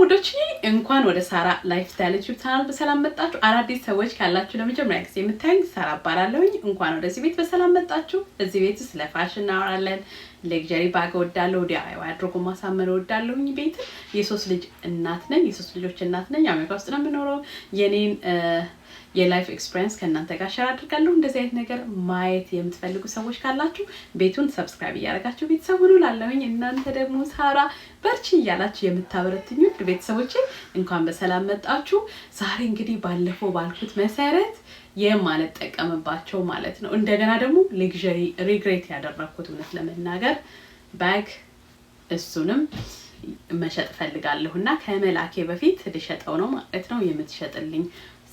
ውዶች እንኳን ወደ ሳራ ላይፍ ስታይል ዩቲዩብ ቻናል በሰላም መጣችሁ። አዳዲስ ሰዎች ካላችሁ ለመጀመሪያ ጊዜ የምታዩኝ ሳራ እባላለሁኝ። እንኳን ወደዚህ ቤት በሰላም መጣችሁ። እዚህ ቤት ስለ ፋሽን እናወራለን። ለግጀሪ ባግ ወዳለሁ፣ ዲአይዋይ አድርጎ ማሳመር ወዳለሁኝ። ቤት የሶስት ልጅ እናት ነኝ። የሶስት ልጆች እናት ነኝ። አሜሪካ ውስጥ ነው የምኖረው። የኔን የላይፍ ኤክስፒሪየንስ ከእናንተ ጋር ሸር አድርጋለሁ። እንደዚህ አይነት ነገር ማየት የምትፈልጉ ሰዎች ካላችሁ ቤቱን ሰብስክራይብ እያደረጋችሁ ቤተሰብ ሁኑ ላለሁኝ እናንተ ደግሞ ሳራ በርቺ እያላችሁ የምታበረትኙ ቤተሰቦች እንኳን በሰላም መጣችሁ። ዛሬ እንግዲህ ባለፈው ባልኩት መሰረት የማልጠቀምባቸው ማለት ነው እንደገና ደግሞ ሌግዠሪ ሪግሬት ያደረግኩት እውነት ለመናገር ባግ እሱንም መሸጥ ፈልጋለሁ እና ከመላኬ በፊት ልሸጠው ነው ማለት ነው። የምትሸጥልኝ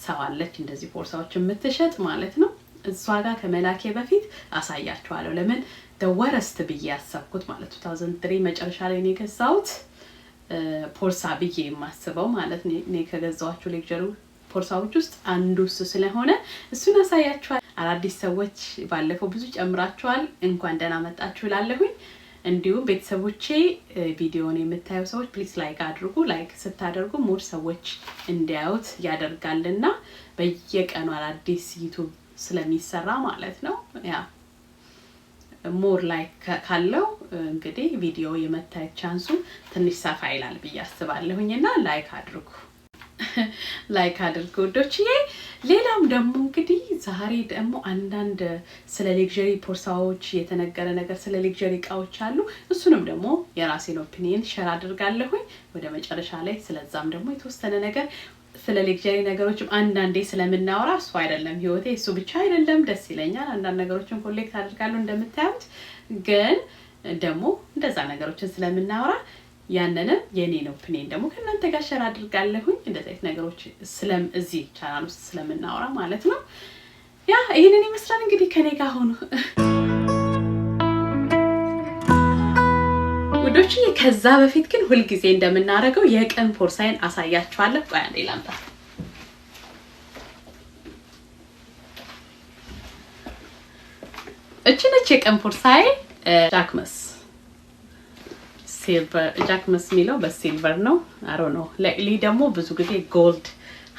ሰው አለች እንደዚህ ቦርሳዎች የምትሸጥ ማለት ነው። እሷ ጋር ከመላኬ በፊት አሳያችኋለሁ። ለምን ደወረስት ብዬ ያሰብኩት ማለት ቱ መጨረሻ ላይ ነው የገዛሁት ብዬ የማስበው ማለት ነው። ከገዛኋቸው ሌክቸሩ ፖርሳዎች ውስጥ አንዱ እሱ ስለሆነ እሱን አሳያችኋል። አዳዲስ ሰዎች ባለፈው ብዙ ጨምራችኋል። እንኳን ደህና መጣችሁ ላለሁኝ እንዲሁም ቤተሰቦቼ ቪዲዮን የምታዩ ሰዎች ፕሊስ ላይክ አድርጉ። ላይክ ስታደርጉ ሞር ሰዎች እንዲያዩት ያደርጋልና በየቀኑ አዳዲስ ዩቱብ ስለሚሰራ ማለት ነው። ያ ሞር ላይክ ካለው እንግዲህ ቪዲዮ የመታየት ቻንሱ ትንሽ ሰፋ ይላል ብዬ አስባለሁኝ ላይክ አድርጉ። ላይክ አድርጉ ወዶችዬ። ሌላም ደግሞ እንግዲህ ዛሬ ደግሞ አንዳንድ ስለ ሌግዠሪ ቦርሳዎች የተነገረ ነገር ስለ ሌግዠሪ እቃዎች አሉ። እሱንም ደግሞ የራሴን ኦፒኒየን ሸር አድርጋለሁኝ ወደ መጨረሻ ላይ። ስለዛም ደግሞ የተወሰነ ነገር ስለ ሌግዠሪ ነገሮችም አንዳንዴ ስለምናወራ እሱ አይደለም ህይወቴ፣ እሱ ብቻ አይደለም። ደስ ይለኛል አንዳንድ ነገሮችን ኮሌክት አድርጋለሁ እንደምታዩት ግን ደግሞ እንደዛ ነገሮችን ስለምናወራ ያንንም ነው ፕኔን ደግሞ ከእናንተ ጋር ሸር አድርጋለሁኝ። እንደዚህ አይነት ነገሮች ስለም እዚህ ቻናል ውስጥ ስለምናወራ ማለት ነው። ያ ይህንን ይመስላል እንግዲህ ከኔ ጋር ሆኑ ውዶች። ከዛ በፊት ግን ሁልጊዜ እንደምናደርገው የቀን ፖርሳይን አሳያችኋለሁ። ቆይ አንዴ ላምጣ። እችነች የቀን ፖርሳይ ዳክመስ ጃክመስ የሚለው በሲልቨር ነው። አሮ ነው ሊ ደግሞ ብዙ ጊዜ ጎልድ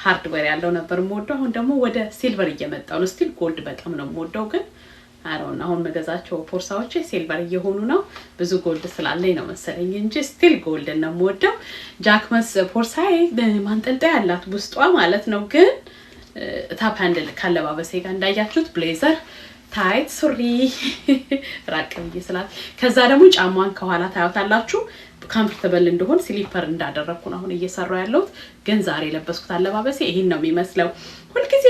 ሃርድዌር ያለው ነበር የምወደው። አሁን ደግሞ ወደ ሲልቨር እየመጣው ነው። ስቲል ጎልድ በጣም ነው የምወደው፣ ግን አሮን አሁን መገዛቸው ፖርሳዎች ሲልቨር እየሆኑ ነው። ብዙ ጎልድ ስላለኝ ነው መሰለኝ እንጂ ስቲል ጎልድ ነው የምወደው። ጃክመስ ቦርሳዬ ማንጠልጠያ ያላት ውስጧ ማለት ነው። ግን ታፕ uh, ሃንድል ካለባበሴ ጋር እንዳያችሁት ብሌዘር ታይት ሱሪ ራቅ ብዬ ስላል ከዛ ደግሞ ጫማን ከኋላ ታዩታላችሁ። ካምፍርተበል እንደሆን ስሊፐር እንዳደረግኩ አሁን እየሰራው ያለሁት። ግን ዛሬ የለበስኩት አለባበሴ ይሄን ነው የሚመስለው። ሁልጊዜ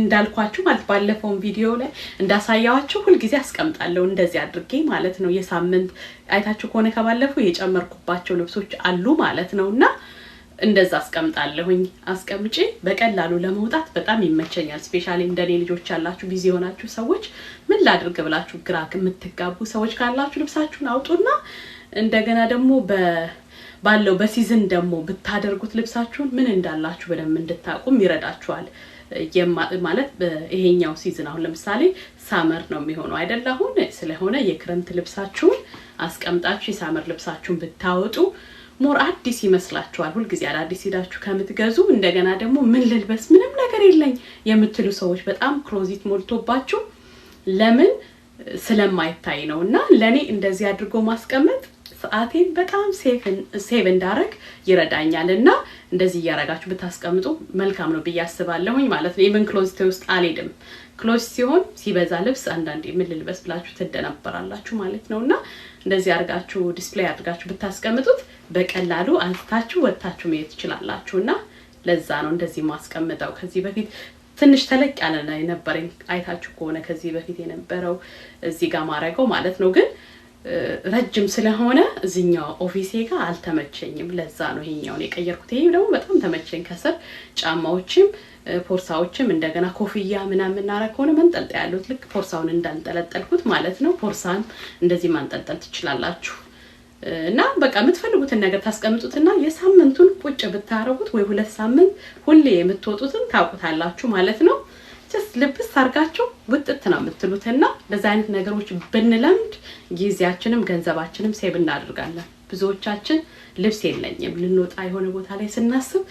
እንዳልኳችሁ ማለት ባለፈውን ቪዲዮ ላይ እንዳሳያዋችሁ ሁልጊዜ አስቀምጣለሁ እንደዚህ አድርጌ ማለት ነው። የሳምንት አይታችሁ ከሆነ ከባለፈው የጨመርኩባቸው ልብሶች አሉ ማለት ነው እና እንደዛ አስቀምጣለሁኝ። አስቀምጬ በቀላሉ ለመውጣት በጣም ይመቸኛል። ስፔሻሊ እንደኔ ልጆች ያላችሁ ቢዚ የሆናችሁ ሰዎች ምን ላድርግ ብላችሁ ግራ የምትጋቡ ሰዎች ካላችሁ ልብሳችሁን አውጡና እንደገና ደግሞ ባለው በሲዝን ደግሞ ብታደርጉት ልብሳችሁን ምን እንዳላችሁ በደንብ እንድታቁም ይረዳችኋል። ማለት ይሄኛው ሲዝን አሁን ለምሳሌ ሳመር ነው የሚሆነው አይደል? አሁን ስለሆነ የክረምት ልብሳችሁን አስቀምጣችሁ የሳመር ልብሳችሁን ብታወጡ ሞር አዲስ ይመስላችኋል። ሁልጊዜ አዳዲስ ሄዳችሁ ከምትገዙ እንደገና ደግሞ ምን ልልበስ ምንም ነገር የለኝ የምትሉ ሰዎች በጣም ክሎዚት ሞልቶባችሁ ለምን ስለማይታይ ነው። እና ለእኔ እንደዚህ አድርጎ ማስቀመጥ ሰዓቴን በጣም ሴቭ እንዳረግ ይረዳኛል። እና እንደዚህ እያረጋችሁ ብታስቀምጡ መልካም ነው ብዬ አስባለሁኝ ማለት ነው። ኢቨን ክሎዚቴ ውስጥ አልሄድም። ክሎዝ ሲሆን ሲበዛ ልብስ አንዳንዴ የምልልበስ ብላችሁ ትደነበራላችሁ ማለት ነው። እና እንደዚህ አድርጋችሁ ዲስፕሌይ አድርጋችሁ ብታስቀምጡት በቀላሉ አንስታችሁ ወጥታችሁ መሄድ ትችላላችሁ እና ለዛ ነው እንደዚህ ማስቀምጠው። ከዚህ በፊት ትንሽ ተለቅ ያለ የነበረኝ አይታችሁ ከሆነ ከዚህ በፊት የነበረው እዚህ ጋር ማድረገው ማለት ነው። ግን ረጅም ስለሆነ እዚኛው ኦፊሴ ጋር አልተመቸኝም። ለዛ ነው ይሄኛውን የቀየርኩት። ይሄም ደግሞ በጣም ተመቸኝ። ከስር ጫማዎችም ፖርሳዎችም እንደገና ኮፍያ ምናምን የምናረግ ከሆነ መንጠልጠ ያሉት ልክ ፖርሳውን እንዳንጠለጠልኩት ማለት ነው። ፖርሳን እንደዚህ ማንጠልጠል ትችላላችሁ። እና በቃ የምትፈልጉትን ነገር ታስቀምጡትና የሳምንቱን ቁጭ ብታረጉት ወይ ሁለት ሳምንት ሁሌ የምትወጡትን ታውቁታላችሁ ማለት ነው። ጀስት ልብስ አርጋችሁ ውጥት ነው የምትሉትና በዛ አይነት ነገሮች ብንለምድ ጊዜያችንም ገንዘባችንም ሴብ እናደርጋለን። ብዙዎቻችን ልብስ የለኝም ልንወጣ የሆነ ቦታ ላይ ስናስብ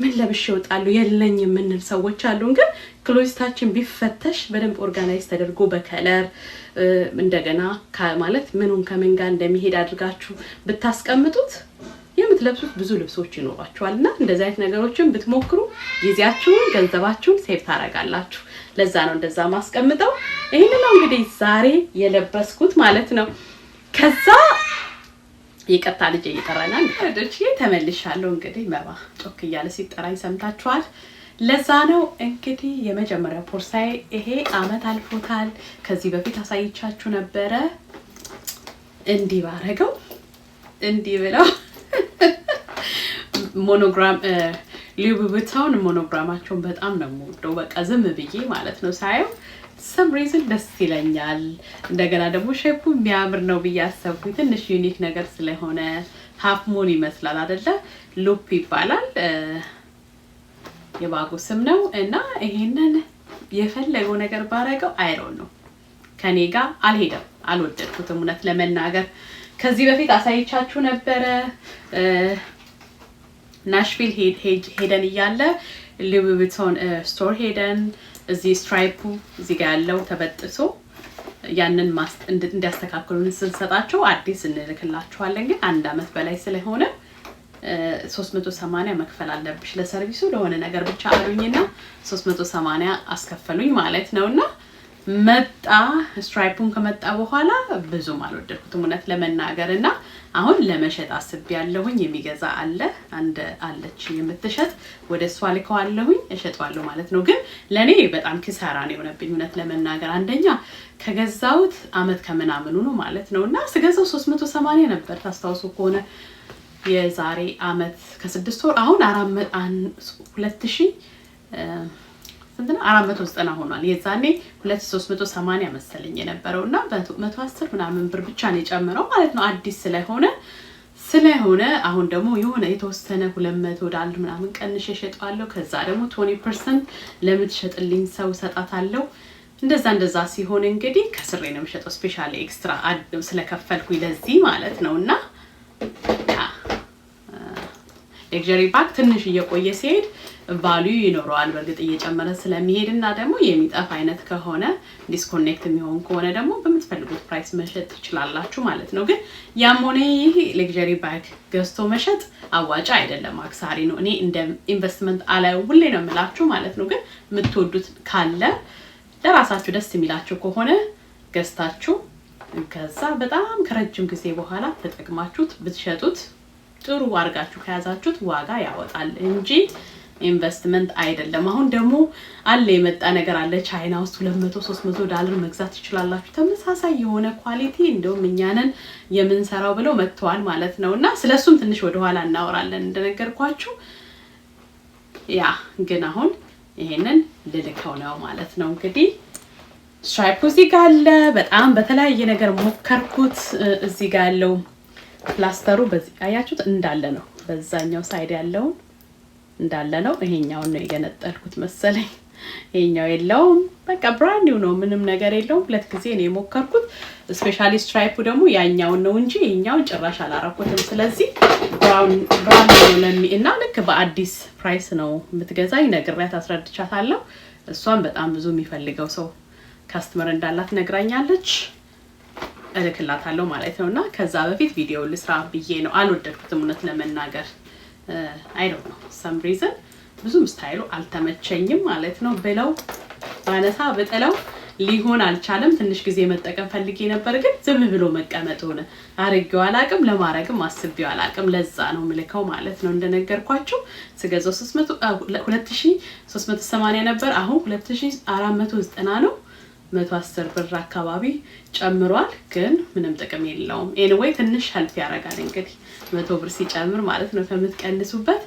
ምን ለብሽ ይወጣሉ የለኝም የምንል ሰዎች አሉን። ግን ክሎዚታችን ቢፈተሽ በደንብ ኦርጋናይዝ ተደርጎ በከለር እንደገና ማለት ምኑን ከምን ጋር እንደሚሄድ አድርጋችሁ ብታስቀምጡት የምትለብሱት ብዙ ልብሶች ይኖሯችኋል እና እንደዚህ አይነት ነገሮችን ብትሞክሩ ጊዜያችሁን፣ ገንዘባችሁን ሴቭ ታደርጋላችሁ። ለዛ ነው እንደዛ ማስቀምጠው። ይህን ነው እንግዲህ ዛሬ የለበስኩት ማለት ነው ከዛ ይቅርታ ልጅ እየጠራናል። ወደች ተመልሻለሁ። እንግዲህ መባ ጮክ እያለ ሲጠራኝ ሰምታችኋል። ለዛ ነው እንግዲህ የመጀመሪያ ቦርሳዬ ይሄ አመት አልፎታል። ከዚህ በፊት አሳይቻችሁ ነበረ። እንዲህ ባረገው እንዲህ ብለው ሞኖግራም ሉዊ ቪቶን ሞኖግራማቸውን በጣም ነው የምወደው። በቃ ዝም ብዬ ማለት ነው ሳየው ሰም ሬዝን ደስ ይለኛል። እንደገና ደግሞ ሼፑ የሚያምር ነው ብዬ አሰብኩኝ። ትንሽ ዩኒክ ነገር ስለሆነ ሀፍ ሙን ይመስላል አደለ? ሉፕ ይባላል የባጉ ስም ነው እና ይሄንን የፈለገው ነገር ባረገው አይረው ነው ከኔ ጋር አልሄደም። አልወደድኩትም እውነት ለመናገር ከዚህ በፊት አሳይቻችሁ ነበረ ናሽቪል ሄደን እያለ ሉዊ ቪቶን ስቶር ሄደን እዚህ ስትራይፑ እዚህ ጋር ያለው ተበጥሶ ያንን ማስ እንዲያስተካክሉን ስንሰጣቸው አዲስ እንልክላችኋለን። ግን አንድ አመት በላይ ስለሆነ 380 መክፈል አለብሽ ለሰርቪሱ ለሆነ ነገር ብቻ አሉኝና 380 አስከፈሉኝ ማለት ነውና መጣ ስትራይፑን ከመጣ በኋላ ብዙም አልወደድኩትም እውነት ለመናገር እና አሁን ለመሸጥ ያለሁኝ የሚገዛ አለ አንድ አለች የምትሸጥ ወደ እሷ ልከዋለሁኝ፣ እሸጠዋለሁ ማለት ነው። ግን ለእኔ በጣም ክሳራ ነው የሆነብኝ እውነት ለመናገር አንደኛ ከገዛሁት አመት ከምናምኑ ነው ማለት ነው እና ስገዛው ሶስት መቶ ሰማንያ ነበር ታስታውሱ ከሆነ የዛሬ አመት ከስድስት ወር አሁን አራት ሁለት ሺህ ስንት ነው? አራት መቶ ዘጠና ሆኗል። የዛኔ ሁለት ሶስት መቶ ሰማንያ መሰለኝ የነበረው እና መቶ አስር ምናምን ብር ብቻ ነው የጨምረው ማለት ነው አዲስ ስለሆነ ስለሆነ አሁን ደግሞ የሆነ የተወሰነ ሁለት መቶ ዳል ምናምን ቀንሽ እሸጠዋለሁ። ከዛ ደግሞ ቶኒ ፐርሰንት ለምትሸጥልኝ ሰው እሰጣታለሁ። እንደዛ እንደዛ ሲሆን እንግዲህ ከስሬ ነው የምሸጠው ስፔሻሊ ኤክስትራ ስለከፈልኩ ለዚህ ማለት ነው እና ሌክዠሪ ባግ ትንሽ እየቆየ ሲሄድ ቫልዩ ይኖረዋል። በእርግጥ እየጨመረ ስለሚሄድ እና ደግሞ የሚጠፍ አይነት ከሆነ ዲስኮኔክት የሚሆን ከሆነ ደግሞ በምትፈልጉት ፕራይስ መሸጥ ትችላላችሁ ማለት ነው። ግን ያም ሆነ ይህ ሌክዠሪ ባግ ገዝቶ መሸጥ አዋጭ አይደለም፣ አክሳሪ ነው። እኔ እንደ ኢንቨስትመንት አላዩ ሁሌ ነው የምላችሁ ማለት ነው። ግን የምትወዱት ካለ ለራሳችሁ ደስ የሚላችሁ ከሆነ ገዝታችሁ ከዛ በጣም ከረጅም ጊዜ በኋላ ተጠቅማችሁት ብትሸጡት ጥሩ አድርጋችሁ ከያዛችሁት ዋጋ ያወጣል እንጂ ኢንቨስትመንት አይደለም። አሁን ደግሞ አለ የመጣ ነገር አለ። ቻይና ውስጥ 200 300 ዳላር መግዛት ትችላላችሁ። ተመሳሳይ የሆነ ኳሊቲ እንደውም እኛንን የምንሰራው ብለው መጥተዋል ማለት ነው። እና ስለሱም ትንሽ ወደኋላ እናወራለን እንደነገርኳችሁ። ያ ግን አሁን ይሄንን ልልከው ነው ማለት ነው እንግዲህ ስትራይፕ እዚህ ጋር አለ። በጣም በተለያየ ነገር ሞከርኩት። እዚህ ጋር ያለው ፕላስተሩ በዚህ አያችሁት እንዳለ ነው። በዛኛው ሳይድ ያለውን እንዳለ ነው። ይሄኛውን ነው የገነጠልኩት መሰለኝ። ይሄኛው የለውም። በቃ ብራንዲው ነው፣ ምንም ነገር የለውም። ሁለት ጊዜ ነው የሞከርኩት። ስፔሻሊ ስትራይፑ ደግሞ ያኛውን ነው እንጂ ይሄኛውን ጭራሽ አላረኩትም። ስለዚህ ብራንድ ብራውን ለሚ እና ልክ በአዲስ ፕራይስ ነው የምትገዛኝ። ነግሬያት አስረድቻታለሁ። እሷን በጣም ብዙ የሚፈልገው ሰው ካስተመር እንዳላት ነግራኛለች። እልክላታለሁ ማለት ነው። እና ከዛ በፊት ቪዲዮ ልስራ ብዬ ነው አልወደድኩትም፣ እውነት ለመናገር አይደው ነው ሰም ሪዝን ብዙም ስታይሉ አልተመቸኝም ማለት ነው። ብለው ባነሳ በጥለው ሊሆን አልቻለም። ትንሽ ጊዜ መጠቀም ፈልጌ ነበር፣ ግን ዝም ብሎ መቀመጥ ሆነ። አርጌው አላቅም፣ ለማድረግም አስቤው አላቅም። ለዛ ነው ምልከው ማለት ነው። እንደነገርኳችሁ ስገዛው 2380 ነበር፣ አሁን 2490 ነው። 110 ብር አካባቢ ጨምሯል፣ ግን ምንም ጥቅም የለውም። ኤንዌይ ትንሽ ሀልፍ ያደርጋል። እንግዲህ መቶ ብር ሲጨምር ማለት ነው ከምትቀንሱበት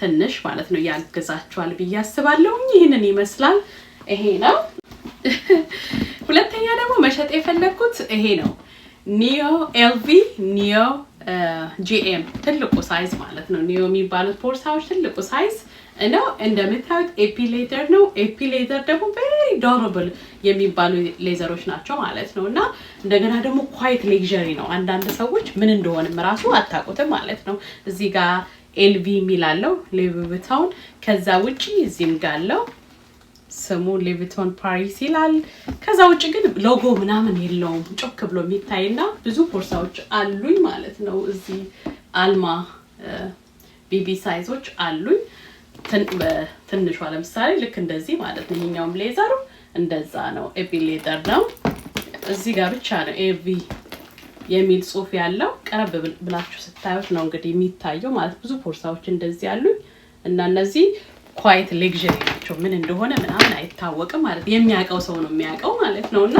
ትንሽ ማለት ነው ያግዛችኋል ብዬ አስባለሁ። ይህንን ይመስላል። ይሄ ነው። ሁለተኛ ደግሞ መሸጥ የፈለግኩት ይሄ ነው። ኒዮ ኤልቪ ኒዮ ጂኤም ትልቁ ሳይዝ ማለት ነው። ኒዮ የሚባሉት ቦርሳዎች ትልቁ ሳይዝ እና እንደምታዩት ኤፒ ሌዘር ነው። ኤፒሌተር ደግሞ ቬሪ ዶረብል የሚባሉ ሌዘሮች ናቸው ማለት ነው። እና እንደገና ደግሞ ኳይት ሌክዠሪ ነው። አንዳንድ ሰዎች ምን እንደሆንም ራሱ አታውቁትም ማለት ነው። እዚህ ጋር ኤልቪ የሚላለው ሌቪቪቶን፣ ከዛ ውጭ እዚህም ጋለው ስሙ ሌቪቶን ፓሪስ ይላል። ከዛ ውጭ ግን ሎጎ ምናምን የለውም ጮክ ብሎ የሚታይና ብዙ ቦርሳዎች አሉኝ ማለት ነው። እዚህ አልማ ቢቢ ሳይዞች አሉኝ። ትንሿ ለምሳሌ ልክ እንደዚህ ማለት ነው። ይሄኛውም ሌዘሩ እንደዛ ነው። ኤቢ ሌዘር ነው። እዚህ ጋር ብቻ ነው ኤቪ የሚል ጽሁፍ ያለው። ቀረብ ብላችሁ ስታዩት ነው እንግዲህ የሚታየው ማለት ብዙ ቦርሳዎች እንደዚህ አሉኝ እና እነዚህ ኳይት ሌግዥሪ ናቸው። ምን እንደሆነ ምናምን አይታወቅም ማለት የሚያውቀው ሰው ነው የሚያውቀው ማለት ነው እና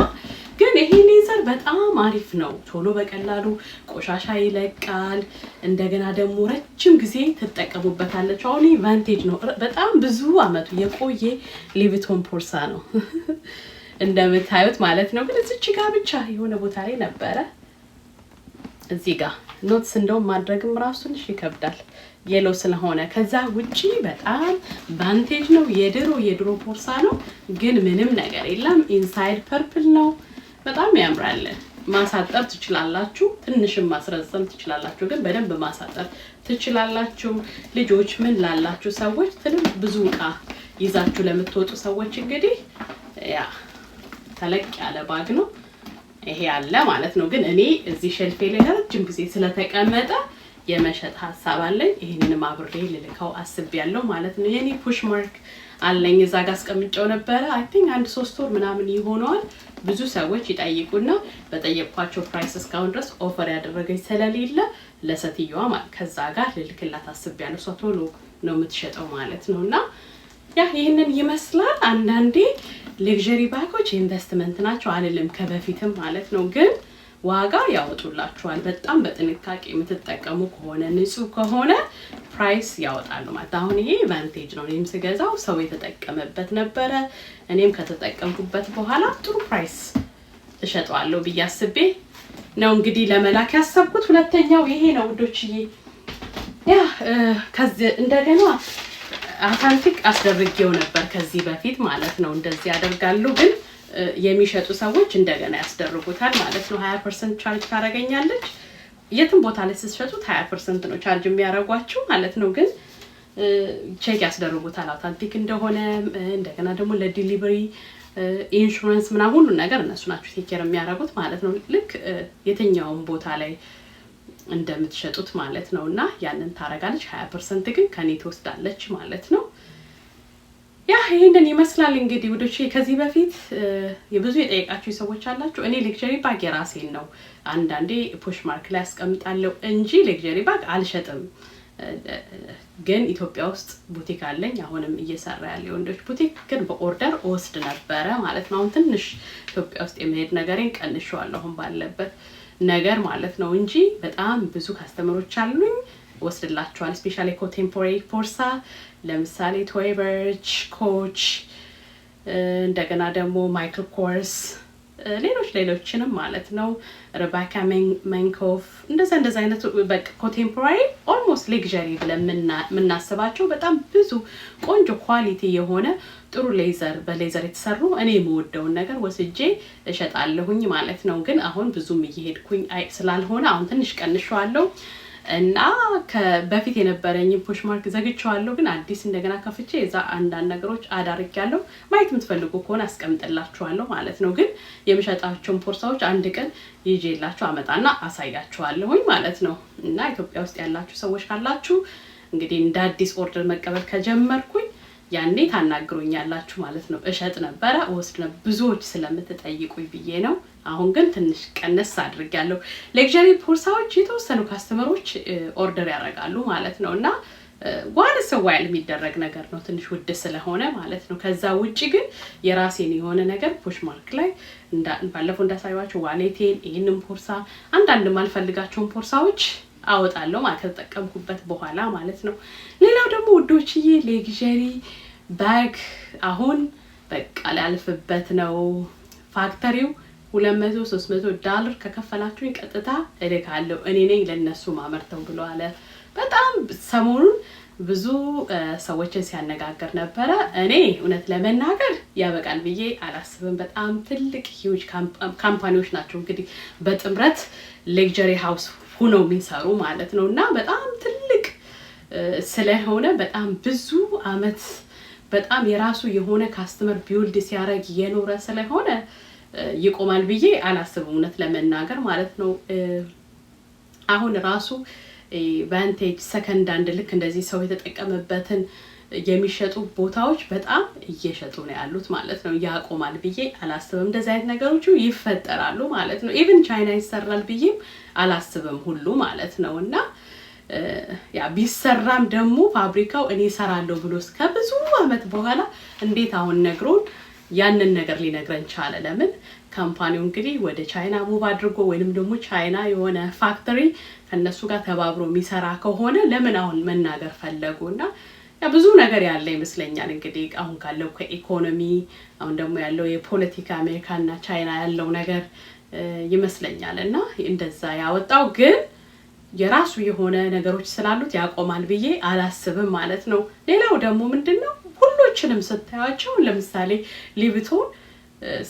ግን ይሄ ሌዘር በጣም አሪፍ ነው። ቶሎ በቀላሉ ቆሻሻ ይለቃል። እንደገና ደግሞ ረጅም ጊዜ ትጠቀሙበታለች። አሁን ቫንቴጅ ነው። በጣም ብዙ አመቱ የቆየ ሌቪቶን ቦርሳ ነው እንደምታዩት ማለት ነው። ግን እዚች ጋር ብቻ የሆነ ቦታ ላይ ነበረ። እዚህ ጋር ኖትስ እንደውም ማድረግም ራሱ ትንሽ ይከብዳል የሎ ስለሆነ ከዛ ውጪ በጣም ቫንቴጅ ነው። የድሮ የድሮ ቦርሳ ነው፣ ግን ምንም ነገር የለም። ኢንሳይድ ፐርፕል ነው። በጣም ያምራል። ማሳጠር ትችላላችሁ፣ ትንሽም ማስረዘም ትችላላችሁ። ግን በደንብ ማሳጠር ትችላላችሁ። ልጆች ምን ላላችሁ ሰዎች ትንም ብዙ እቃ ይዛችሁ ለምትወጡ ሰዎች እንግዲህ ያ ተለቅ ያለ ባግ ነው ይሄ ያለ ማለት ነው። ግን እኔ እዚህ ሸልፌ ላይ ለረጅም ጊዜ ስለተቀመጠ የመሸጥ ሀሳብ አለኝ። ይህንንም አብሬ ልልከው ያለው ማለት ነው። ይሄኔ ፑሽ ማርክ አለኝ እዛ ጋር አስቀምጨው ነበረ። አይ ቲንክ አንድ ሶስት ወር ምናምን ይሆነዋል። ብዙ ሰዎች ይጠይቁና በጠየቅኳቸው ፕራይስ እስካሁን ድረስ ኦፈር ያደረገች ስለሌለ ለሰትየዋ ከዛ ጋር ልልክላት አስቤያለሁ። እሷ ቶሎ ነው የምትሸጠው ማለት ነው። እና ያ ይህንን ይመስላል። አንዳንዴ ሌክዠሪ ባጎች ኢንቨስትመንት ናቸው አልልም ከበፊትም ማለት ነው ግን ዋጋ ያወጡላችኋል። በጣም በጥንቃቄ የምትጠቀሙ ከሆነ ንጹህ ከሆነ ፕራይስ ያወጣሉ ማለት አሁን ይሄ ቫንቴጅ ነው። እኔም ስገዛው ሰው የተጠቀመበት ነበረ። እኔም ከተጠቀምኩበት በኋላ ጥሩ ፕራይስ እሸጠዋለሁ ብዬ አስቤ ነው እንግዲህ ለመላክ ያሰብኩት። ሁለተኛው ይሄ ነው ውዶችዬ። ያ ከዚህ እንደገና አውታንቲክ አስደርጌው ነበር ከዚህ በፊት ማለት ነው። እንደዚህ ያደርጋሉ ግን የሚሸጡ ሰዎች እንደገና ያስደርጉታል ማለት ነው። ሀያ ፐርሰንት ቻርጅ ታደርገኛለች። የትም ቦታ ላይ ስትሸጡት ሀያ ፐርሰንት ነው ቻርጅ የሚያደርጓችሁ ማለት ነው። ግን ቼክ ያስደርጉታል አውታንቲክ እንደሆነ እንደገና ደግሞ ለዲሊቨሪ ኢንሹራንስ ምናምን ሁሉን ነገር እነሱ ናቸው ቴክ ኬር የሚያደርጉት ማለት ነው። ልክ የትኛውም ቦታ ላይ እንደምትሸጡት ማለት ነው። እና ያንን ታደርጋለች ሀያ ፐርሰንት ግን ከኔ ትወስዳለች ማለት ነው። ያ ይህንን ይመስላል እንግዲህ ውዶቼ። ከዚህ በፊት የብዙ የጠየቃችሁ ሰዎች አላችሁ። እኔ ሌክቸሪ ባግ የራሴን ነው። አንዳንዴ ፖሽ ማርክ ላይ አስቀምጣለሁ እንጂ ሌክቸሪ ባግ አልሸጥም። ግን ኢትዮጵያ ውስጥ ቡቲክ አለኝ። አሁንም እየሰራ ያለ የወንዶች ቡቲክ ግን በኦርደር ወስድ ነበረ ማለት ነው። አሁን ትንሽ ኢትዮጵያ ውስጥ የመሄድ ነገሬን ቀንሸዋለሁ፣ አሁን ባለበት ነገር ማለት ነው እንጂ በጣም ብዙ ካስተመሮች አሉኝ። ወስድላቸዋል። ስፔሻሊ ኮንቴምፖራሪ ቦርሳ ለምሳሌ ቶይበርች ኮች፣ እንደገና ደግሞ ማይክል ኮርስ፣ ሌሎች ሌሎችንም ማለት ነው ረባካ መንኮፍ እንደዛ እንደዛ አይነት ኮንቴምፖራሪ ኦልሞስት ሌግዣሪ ብለን የምናስባቸው በጣም ብዙ ቆንጆ ኳሊቲ የሆነ ጥሩ ሌዘር በሌዘር የተሰሩ እኔ የምወደውን ነገር ወስጄ እሸጣለሁኝ ማለት ነው። ግን አሁን ብዙም እየሄድኩኝ ስላልሆነ አሁን ትንሽ ቀንሸዋለሁ። እና በፊት የነበረኝ ፖሽማርክ ዘግቼዋለሁ፣ ግን አዲስ እንደገና ከፍቼ የዛ አንዳንድ ነገሮች ያለው ማየት የምትፈልጉ ከሆነ አስቀምጥላችኋለሁ ማለት ነው። ግን የምሸጣቸውን ቦርሳዎች አንድ ቀን ይዤላችሁ አመጣና አሳያችኋለሁኝ ማለት ነው። እና ኢትዮጵያ ውስጥ ያላችሁ ሰዎች ካላችሁ እንግዲህ እንደ አዲስ ኦርደር መቀበል ከጀመርኩኝ ያኔ ታናግሮኛላችሁ ማለት ነው። እሸጥ ነበረ፣ ወስድ ነበር ብዙዎች ስለምትጠይቁኝ ብዬ ነው። አሁን ግን ትንሽ ቀነስ ያለው ሌክዠሪ ቦርሳዎች የተወሰኑ ካስተመሮች ኦርደር ያደርጋሉ ማለት ነው እና ዋንስ ሰዋይል የሚደረግ ነገር ነው ትንሽ ውድ ስለሆነ ማለት ነው። ከዛ ውጭ ግን የራሴን የሆነ ነገር ፖሽማርክ ላይ ባለፈው እንዳሳየኋቸው ዋሌቴን፣ ይህንን ቦርሳ፣ አንዳንድ ማልፈልጋቸውን ቦርሳዎች አወጣለሁ ማለት ከተጠቀምኩበት በኋላ ማለት ነው። ሌላው ደግሞ ውዶችዬ ሌግዠሪ ባግ አሁን በቃ ላልፍበት ነው ፋክተሪው ሁለት መቶ ሶስት መቶ ዳላር ከከፈላችሁኝ ቀጥታ እልካለሁ እኔ ነኝ ለእነሱ ማመርተው ብሎ አለ። በጣም ሰሞኑን ብዙ ሰዎችን ሲያነጋግር ነበረ። እኔ እውነት ለመናገር ያበቃል ብዬ አላስብም። በጣም ትልቅ ሂውጅ ካምፓኒዎች ናቸው እንግዲህ በጥምረት ሌክጀሪ ሀውስ ሁነው የሚሰሩ ማለት ነው እና በጣም ትልቅ ስለሆነ በጣም ብዙ አመት በጣም የራሱ የሆነ ካስተመር ቢውልድ ሲያደርግ የኖረ ስለሆነ ይቆማል ብዬ አላስብም፣ እውነት ለመናገር ማለት ነው። አሁን ራሱ ቫንቴጅ ሰከንድ አንድ ልክ እንደዚህ ሰው የተጠቀመበትን የሚሸጡ ቦታዎች በጣም እየሸጡ ነው ያሉት ማለት ነው። ያቆማል ብዬ አላስብም። እንደዚህ አይነት ነገሮቹ ይፈጠራሉ ማለት ነው። ኢቭን ቻይና ይሰራል ብዬም አላስብም ሁሉ ማለት ነው እና ያ ቢሰራም ደግሞ ፋብሪካው እኔ ሰራለሁ ብሎ እስከ ብዙ በኋላ እንዴት አሁን ነግሮን ያንን ነገር ሊነግረን ቻለ። ለምን ካምፓኒው እንግዲህ ወደ ቻይና ሙቭ አድርጎ ወይንም ደግሞ ቻይና የሆነ ፋክተሪ ከእነሱ ጋር ተባብሮ የሚሰራ ከሆነ ለምን አሁን መናገር ፈለጉ እና ብዙ ነገር ያለ ይመስለኛል። እንግዲህ አሁን ካለው ከኢኮኖሚ አሁን ደግሞ ያለው የፖለቲካ እና ቻይና ያለው ነገር ይመስለኛል እና እንደዛ ያወጣው ግን የራሱ የሆነ ነገሮች ስላሉት ያቆማል ብዬ አላስብም ማለት ነው። ሌላው ደግሞ ምንድን ነው ሁሎችንም ስታያቸው ለምሳሌ ሊብቶን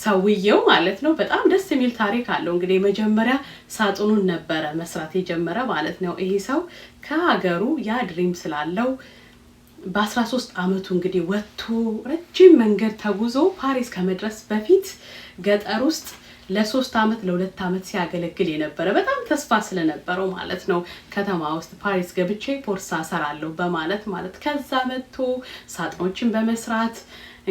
ሰውየው ማለት ነው በጣም ደስ የሚል ታሪክ አለው። እንግዲህ የመጀመሪያ ሳጥኑን ነበረ መስራት የጀመረ ማለት ነው። ይሄ ሰው ከሀገሩ ያ ድሪም ስላለው በ13 አመቱ እንግዲህ ወጥቶ ረጅም መንገድ ተጉዞ ፓሪስ ከመድረስ በፊት ገጠር ውስጥ ለሶስት አመት ለሁለት ዓመት ሲያገለግል የነበረ በጣም ተስፋ ስለነበረው ማለት ነው ከተማ ውስጥ ፓሪስ ገብቼ ቦርሳ ሰራለሁ በማለት ማለት ከዛ መጥቶ ሳጥኖችን በመስራት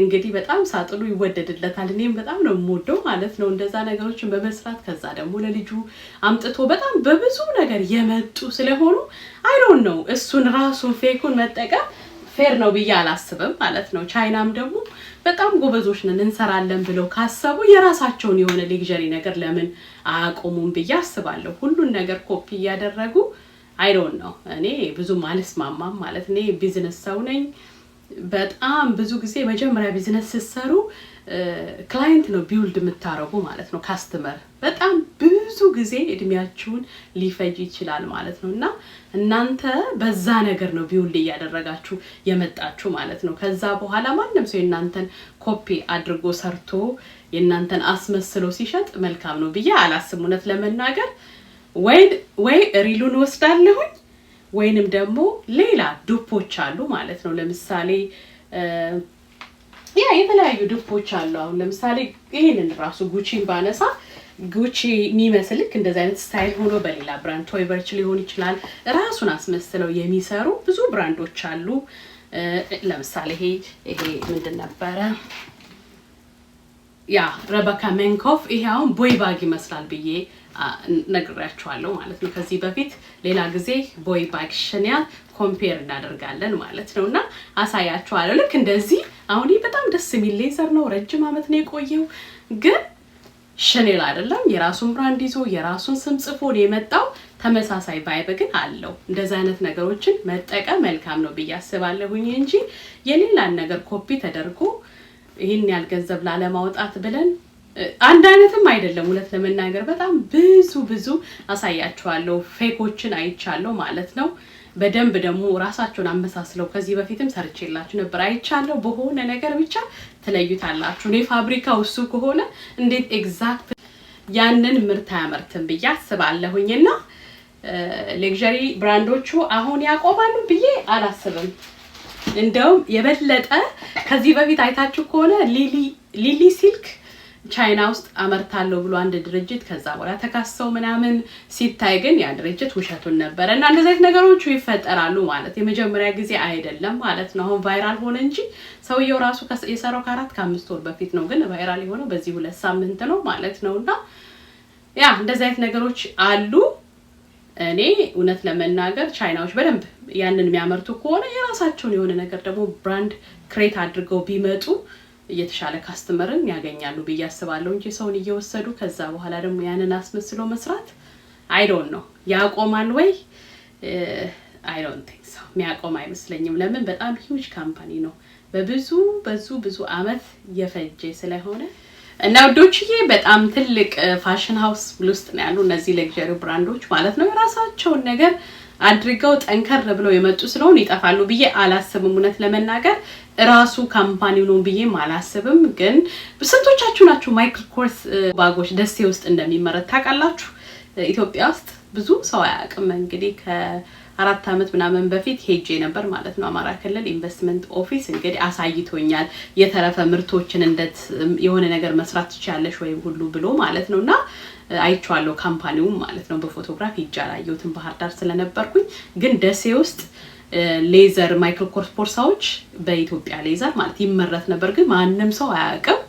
እንግዲህ በጣም ሳጥኑ ይወደድለታል። እኔም በጣም ነው የምወደው ማለት ነው እንደዛ ነገሮችን በመስራት ከዛ ደግሞ ለልጁ አምጥቶ በጣም በብዙ ነገር የመጡ ስለሆኑ አይሮን ነው እሱን ራሱን ፌኩን መጠቀም ፌር ነው ብዬ አላስብም ማለት ነው። ቻይናም ደግሞ በጣም ጎበዞች ነን እንሰራለን ብለው ካሰቡ የራሳቸውን የሆነ ሌግዠሪ ነገር ለምን አያቆሙም ብዬ አስባለሁ። ሁሉን ነገር ኮፒ እያደረጉ አይዶን ነው እኔ ብዙም አልስማማም ማለት እኔ ቢዝነስ ሰው ነኝ። በጣም ብዙ ጊዜ መጀመሪያ ቢዝነስ ስትሰሩ ክላይንት ነው ቢውልድ የምታረጉ ማለት ነው። ካስተመር በጣም ብዙ ጊዜ እድሜያችሁን ሊፈጅ ይችላል ማለት ነው እና እናንተ በዛ ነገር ነው ቢውልድ እያደረጋችሁ የመጣችሁ ማለት ነው። ከዛ በኋላ ማንም ሰው የእናንተን ኮፒ አድርጎ ሰርቶ የእናንተን አስመስሎ ሲሸጥ መልካም ነው ብዬ አላስብ። እውነት ለመናገር ወይ ወይ ሪሉን ወስዳለሁኝ ወይንም ደግሞ ሌላ ዱፖች አሉ ማለት ነው። ለምሳሌ ያ የተለያዩ ዱፖች አሉ። አሁን ለምሳሌ ይህንን ራሱ ጉቺን ባነሳ ጉቺ የሚመስል ልክ እንደዚህ አይነት ስታይል ሆኖ በሌላ ብራንድ ቶይ ቨርች ሊሆን ይችላል ራሱን አስመስለው የሚሰሩ ብዙ ብራንዶች አሉ። ለምሳሌ ይሄ ይሄ ምንድን ነበረ ያ ረበካ መንኮፍ ይሄ አሁን ቦይ ባግ ይመስላል ብዬ ነግሬያችኋለሁ ማለት ነው። ከዚህ በፊት ሌላ ጊዜ ቦይ ባግ ሸኒያል ኮምፔር እናደርጋለን ማለት ነው እና አሳያችኋለሁ። ልክ እንደዚህ አሁን በጣም ደስ የሚል ሌዘር ነው። ረጅም ዓመት ነው የቆየው ግን ሸኔል አይደለም። የራሱን ብራንድ ይዞ የራሱን ስም ጽፎ የመጣው ተመሳሳይ ቫይብ ግን አለው። እንደዚህ አይነት ነገሮችን መጠቀም መልካም ነው ብዬ አስባለሁኝ እንጂ የሌላን ነገር ኮፒ ተደርጎ ይህን ያህል ገንዘብ ላለማውጣት ብለን አንድ አይነትም አይደለም። እውነት ለመናገር በጣም ብዙ ብዙ አሳያችኋለሁ፣ ፌኮችን አይቻለሁ ማለት ነው። በደንብ ደግሞ ራሳቸውን አመሳስለው ከዚህ በፊትም ሰርቼላችሁ ነበር፣ አይቻለሁ። በሆነ ነገር ብቻ ትለዩታላችሁ። እኔ ፋብሪካ እሱ ከሆነ እንዴት ኤግዛክት ያንን ምርት አያመርትም ብዬ አስባለሁኝና እና ብራንዶቹ አሁን ያቆማሉ ብዬ አላስብም። እንደውም የበለጠ ከዚህ በፊት አይታችሁ ከሆነ ሊሊ ሲልክ ቻይና ውስጥ አመርታለሁ ብሎ አንድ ድርጅት ከዛ በኋላ ተካሰው ምናምን ሲታይ ግን ያ ድርጅት ውሸቱን ነበረ እና እንደዚህ አይነት ነገሮቹ ይፈጠራሉ ማለት የመጀመሪያ ጊዜ አይደለም ማለት ነው። አሁን ቫይራል ሆነ እንጂ ሰውየው ራሱ የሰራው ከአራት ከአምስት ወር በፊት ነው፣ ግን ቫይራል የሆነው በዚህ ሁለት ሳምንት ነው ማለት ነው። እና ያ እንደዚህ አይነት ነገሮች አሉ። እኔ እውነት ለመናገር ቻይናዎች በደንብ ያንን የሚያመርቱ ከሆነ የራሳቸውን የሆነ ነገር ደግሞ ብራንድ ክሬት አድርገው ቢመጡ እየተሻለ ካስተመርን ያገኛሉ ብዬ አስባለሁ እንጂ ሰውን እየወሰዱ ከዛ በኋላ ደግሞ ያንን አስመስሎ መስራት አይዶን ነው ያቆማል ወይ? አይዶን ቲንክ ሰው የሚያቆም አይመስለኝም። ለምን በጣም ሂውጅ ካምፓኒ ነው። በብዙ በዙ ብዙ አመት የፈጀ ስለሆነ እና ውዶችዬ በጣም ትልቅ ፋሽን ሀውስ ውስጥ ነው ያሉ እነዚህ ለግዠሪ ብራንዶች ማለት ነው። የራሳቸውን ነገር አድርገው ጠንከር ብለው የመጡ ስለሆኑ ይጠፋሉ ብዬ አላስብም። እውነት ለመናገር ራሱ ካምፓኒው ነው ብዬም አላስብም። ግን ስንቶቻችሁ ናችሁ ማይክል ኮርስ ባጎች ደሴ ውስጥ እንደሚመረት ታውቃላችሁ? ኢትዮጵያ ውስጥ ብዙ ሰው አያውቅም እንግዲህ አራት ዓመት ምናምን በፊት ሄጄ ነበር ማለት ነው። አማራ ክልል ኢንቨስትመንት ኦፊስ እንግዲህ አሳይቶኛል የተረፈ ምርቶችን እንደት የሆነ ነገር መስራት ትችላለሽ ወይም ሁሉ ብሎ ማለት ነው እና አይቼዋለሁ ካምፓኒውም ማለት ነው በፎቶግራፍ ይጃላየሁትን ባህር ዳር ስለነበርኩኝ ግን ደሴ ውስጥ ሌዘር ማይክሮኮርስ ቦርሳዎች በኢትዮጵያ ሌዘር ማለት ይመረት ነበር፣ ግን ማንም ሰው አያውቅም።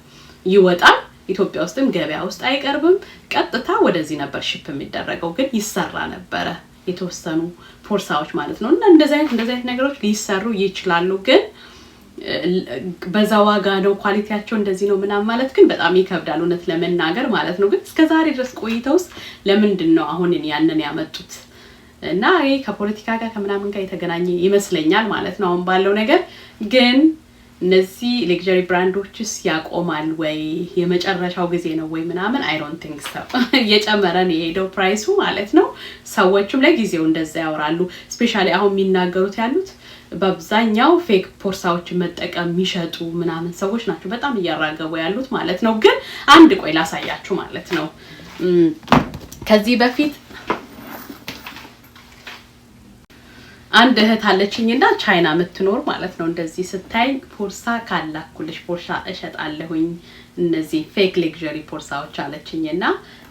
ይወጣል ኢትዮጵያ ውስጥም ገበያ ውስጥ አይቀርብም። ቀጥታ ወደዚህ ነበር ሽፕ የሚደረገው፣ ግን ይሰራ ነበረ። የተወሰኑ ፖርሳዎች ማለት ነው እና እንደዚህ አይነት እንደዚህ አይነት ነገሮች ሊሰሩ ይችላሉ ግን በዛ ዋጋ ነው ኳሊቲያቸው እንደዚህ ነው ምናምን ማለት ግን በጣም ይከብዳል፣ እውነት ለመናገር ማለት ነው። ግን እስከዛሬ ድረስ ቆይታ ውስጥ ለምንድን ነው አሁን ያንን ያመጡት? እና ይሄ ከፖለቲካ ጋር ከምናምን ጋር የተገናኘ ይመስለኛል ማለት ነው አሁን ባለው ነገር ግን እነዚህ ሌክዠሪ ብራንዶችስ ያቆማል ወይ የመጨረሻው ጊዜ ነው ወይ ምናምን አይሮን ቲንግ ሰው እየጨመረን የሄደው ፕራይሱ ማለት ነው። ሰዎቹም ለጊዜው እንደዛ ያወራሉ። ስፔሻሊ አሁን የሚናገሩት ያሉት በአብዛኛው ፌክ ቦርሳዎችን መጠቀም የሚሸጡ ምናምን ሰዎች ናቸው በጣም እያራገቡ ያሉት ማለት ነው። ግን አንድ ቆይ ላሳያችሁ ማለት ነው ከዚህ በፊት አንድ እህት አለችኝ እና ቻይና የምትኖር ማለት ነው። እንደዚህ ስታይ ቦርሳ ካላኩልሽ ቦርሳ እሸጣለሁኝ እነዚህ ፌክ ሌግዥሪ ፖርሳዎች አለችኝ እና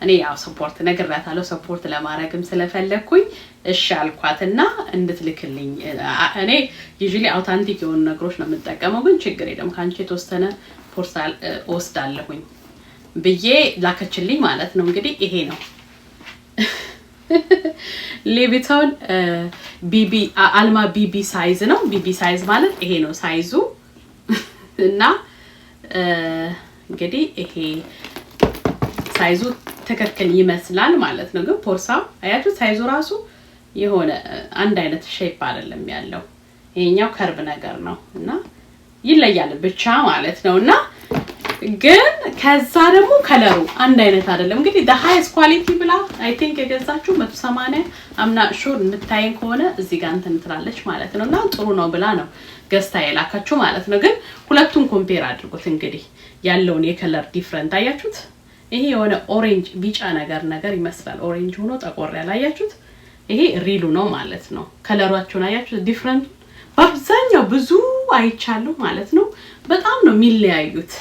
እኔ ያው ሰፖርት ነግሬያታለሁ። ሰፖርት ለማድረግም ስለፈለግኩኝ እሺ አልኳት እና እንድትልክልኝ እኔ ዩዥሊ አውታንቲክ የሆኑ ነገሮች ነው የምጠቀመው፣ ግን ችግር የለም ከአንቺ የተወሰነ ፖርሳ ወስዳለሁኝ ብዬ ላከችልኝ ማለት ነው። እንግዲህ ይሄ ነው ሌቪታውን ቢቢ አልማ ቢቢ ሳይዝ ነው። ቢቢ ሳይዝ ማለት ይሄ ነው ሳይዙ እና እንግዲህ ይሄ ሳይዙ ትክክል ይመስላል ማለት ነው። ግን ፖርሳ አያችሁ ሳይዙ ራሱ የሆነ አንድ አይነት ሼፕ አይደለም ያለው። ይሄኛው ከርብ ነገር ነው እና ይለያል ብቻ ማለት ነው እና ግን ከዛ ደግሞ ከለሩ አንድ አይነት አይደለም። እንግዲህ ደ ሃይስ ኳሊቲ ብላ አይ ቲንክ የገዛችው 180 አምና ሹር እንታይን ከሆነ እዚህ ጋር እንትን ትላለች ማለት ነው እና ጥሩ ነው ብላ ነው ገዝታ የላካችሁ ማለት ነው። ግን ሁለቱን ኮምፔር አድርጉት እንግዲህ ያለውን የከለር ዲፍረንት አያችሁት። ይሄ የሆነ ኦሬንጅ ቢጫ ነገር ነገር ይመስላል። ኦሬንጅ ሆኖ ጠቆር ያለ አያችሁት። ይሄ ሪሉ ነው ማለት ነው። ከለሯቸውን አያችሁት ዲፍረንቱ በአብዛኛው ብዙ አይቻሉ ማለት ነው። በጣም ነው የሚለያዩት።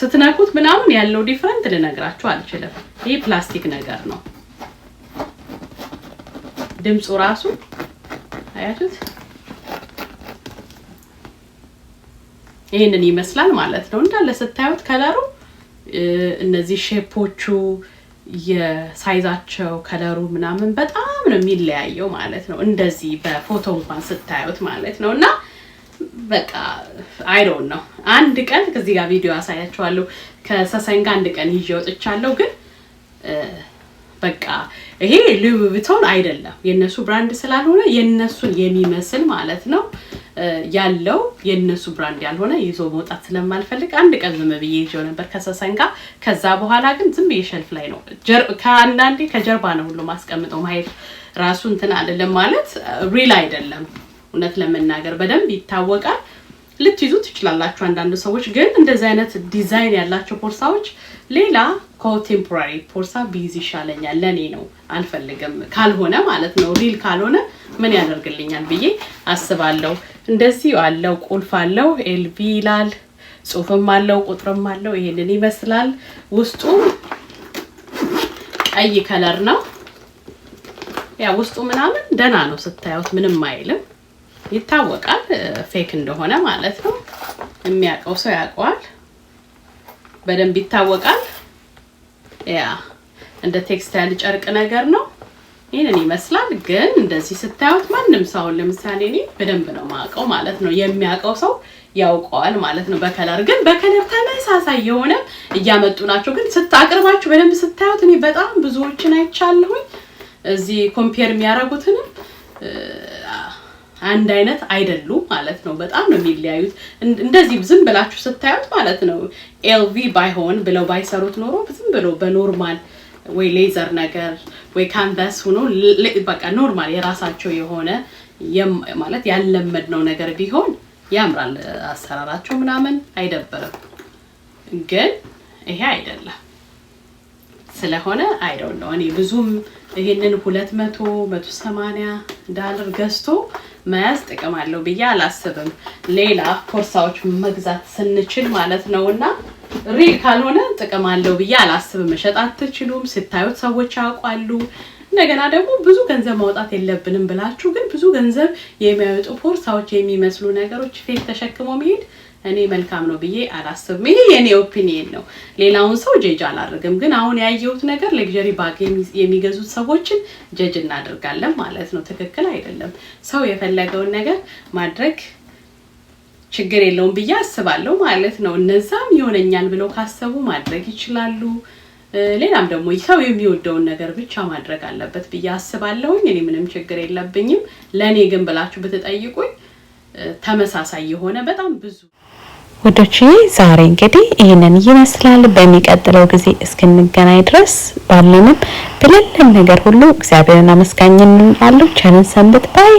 ስትነኩት ምናምን ያለው ዲፈረንት ልነግራችሁ አልችልም። ይህ ፕላስቲክ ነገር ነው። ድምፁ ራሱ አያችሁት? ይህንን ይመስላል ማለት ነው። እንዳለ ስታዩት ከለሩ እነዚህ ሼፖቹ የሳይዛቸው ከለሩ ምናምን በጣም ነው የሚለያየው ማለት ነው። እንደዚህ በፎቶ እንኳን ስታዩት ማለት ነው እና በቃ አይዶን ነው አንድ ቀን ከዚህ ጋር ቪዲዮ አሳያችኋለሁ። ከሰሰን ጋር አንድ ቀን ይዤ ወጥቻለሁ። ግን በቃ ይሄ ሉዊ ቪቶን አይደለም የነሱ ብራንድ ስላልሆነ የነሱን የሚመስል ማለት ነው ያለው የነሱ ብራንድ ያልሆነ ይዞ መውጣት ስለማልፈልግ አንድ ቀን ዝም ብዬ ይዤው ነበር ከሰሰን ጋር። ከዛ በኋላ ግን ዝም ብዬ ሸልፍ ላይ ነው ከአንዳንዴ ከጀርባ ነው ሁሉ ማስቀምጠው ማየት ራሱ እንትን አልልም ማለት ሪል አይደለም እውነት ለመናገር በደንብ ይታወቃል። ልትይዙ ትችላላችሁ። አንዳንድ ሰዎች ግን እንደዚህ አይነት ዲዛይን ያላቸው ቦርሳዎች ሌላ ኮንቴምፖራሪ ቦርሳ ቢይዝ ይሻለኛል፣ ለእኔ ነው አልፈልግም፣ ካልሆነ ማለት ነው ሪል ካልሆነ ምን ያደርግልኛል ብዬ አስባለሁ። እንደዚህ አለው፣ ቁልፍ አለው፣ ኤልቪ ይላል፣ ጽሁፍም አለው፣ ቁጥርም አለው። ይሄንን ይመስላል። ውስጡ ቀይ ከለር ነው። ያ ውስጡ ምናምን ደህና ነው ስታዩት፣ ምንም አይልም። ይታወቃል፣ ፌክ እንደሆነ ማለት ነው። የሚያውቀው ሰው ያውቀዋል፣ በደንብ ይታወቃል። ያ እንደ ቴክስታይል ጨርቅ ነገር ነው። ይህንን ይመስላል። ግን እንደዚህ ስታዩት ማንም ሰው ለምሳሌ እኔ በደንብ ነው የማውቀው ማለት ነው። የሚያውቀው ሰው ያውቀዋል ማለት ነው። በከለር ግን በከለር ተመሳሳይ የሆነ እያመጡ ናቸው። ግን ስታቅርባችሁ በደንብ ስታዩት እኔ በጣም ብዙዎችን አይቻለሁኝ እዚህ ኮምፒየር የሚያደርጉትንም አንድ አይነት አይደሉም ማለት ነው። በጣም ነው የሚለያዩት። እንደዚህ ዝም ብላችሁ ስታዩት ማለት ነው ኤልቪ ባይሆን ብለው ባይሰሩት ኖሮ ዝም ብሎ በኖርማል ወይ ሌዘር ነገር ወይ ካንቫስ ሆኖ በቃ ኖርማል የራሳቸው የሆነ ማለት ያለመድነው ነገር ቢሆን ያምራል አሰራራቸው ምናምን አይደብርም። ግን ይሄ አይደለም ስለሆነ አይደው ነው እኔ ብዙም ይሄንን 200 180 ዳለር ገዝቶ መያዝ ጥቅም አለው ብዬ አላስብም። ሌላ ቦርሳዎች መግዛት ስንችል ማለት ነው እና ሪል ካልሆነ ጥቅም አለው ብዬ አላስብም። መሸጥ አትችሉም፣ ስታዩት ሰዎች ያውቋሉ። እንደገና ደግሞ ብዙ ገንዘብ ማውጣት የለብንም ብላችሁ ግን ብዙ ገንዘብ የሚያወጡ ፖርሳዎች የሚመስሉ ነገሮች ፌክ ተሸክሞ መሄድ እኔ መልካም ነው ብዬ አላስብም። ይሄ የኔ ኦፒኒየን ነው። ሌላውን ሰው ጀጅ አላደርግም። ግን አሁን ያየሁት ነገር ለግዠሪ ባግ የሚገዙት ሰዎችን ጀጅ እናደርጋለን ማለት ነው። ትክክል አይደለም። ሰው የፈለገውን ነገር ማድረግ ችግር የለውም ብዬ አስባለሁ ማለት ነው። እነዛም ይሆነኛል ብለው ካሰቡ ማድረግ ይችላሉ። ሌላም ደግሞ ሰው የሚወደውን ነገር ብቻ ማድረግ አለበት ብዬ አስባለሁኝ። እኔ ምንም ችግር የለብኝም። ለእኔ ግን ብላችሁ ብትጠይቁኝ ተመሳሳይ የሆነ በጣም ብዙ ወዶች ዛሬ እንግዲህ ይህንን ይመስላል። በሚቀጥለው ጊዜ እስክንገናኝ ድረስ ባለንም ብለንም ነገር ሁሉ እግዚአብሔርን አመስጋኝ እንላለን። ቸርን ሰንብት ባይ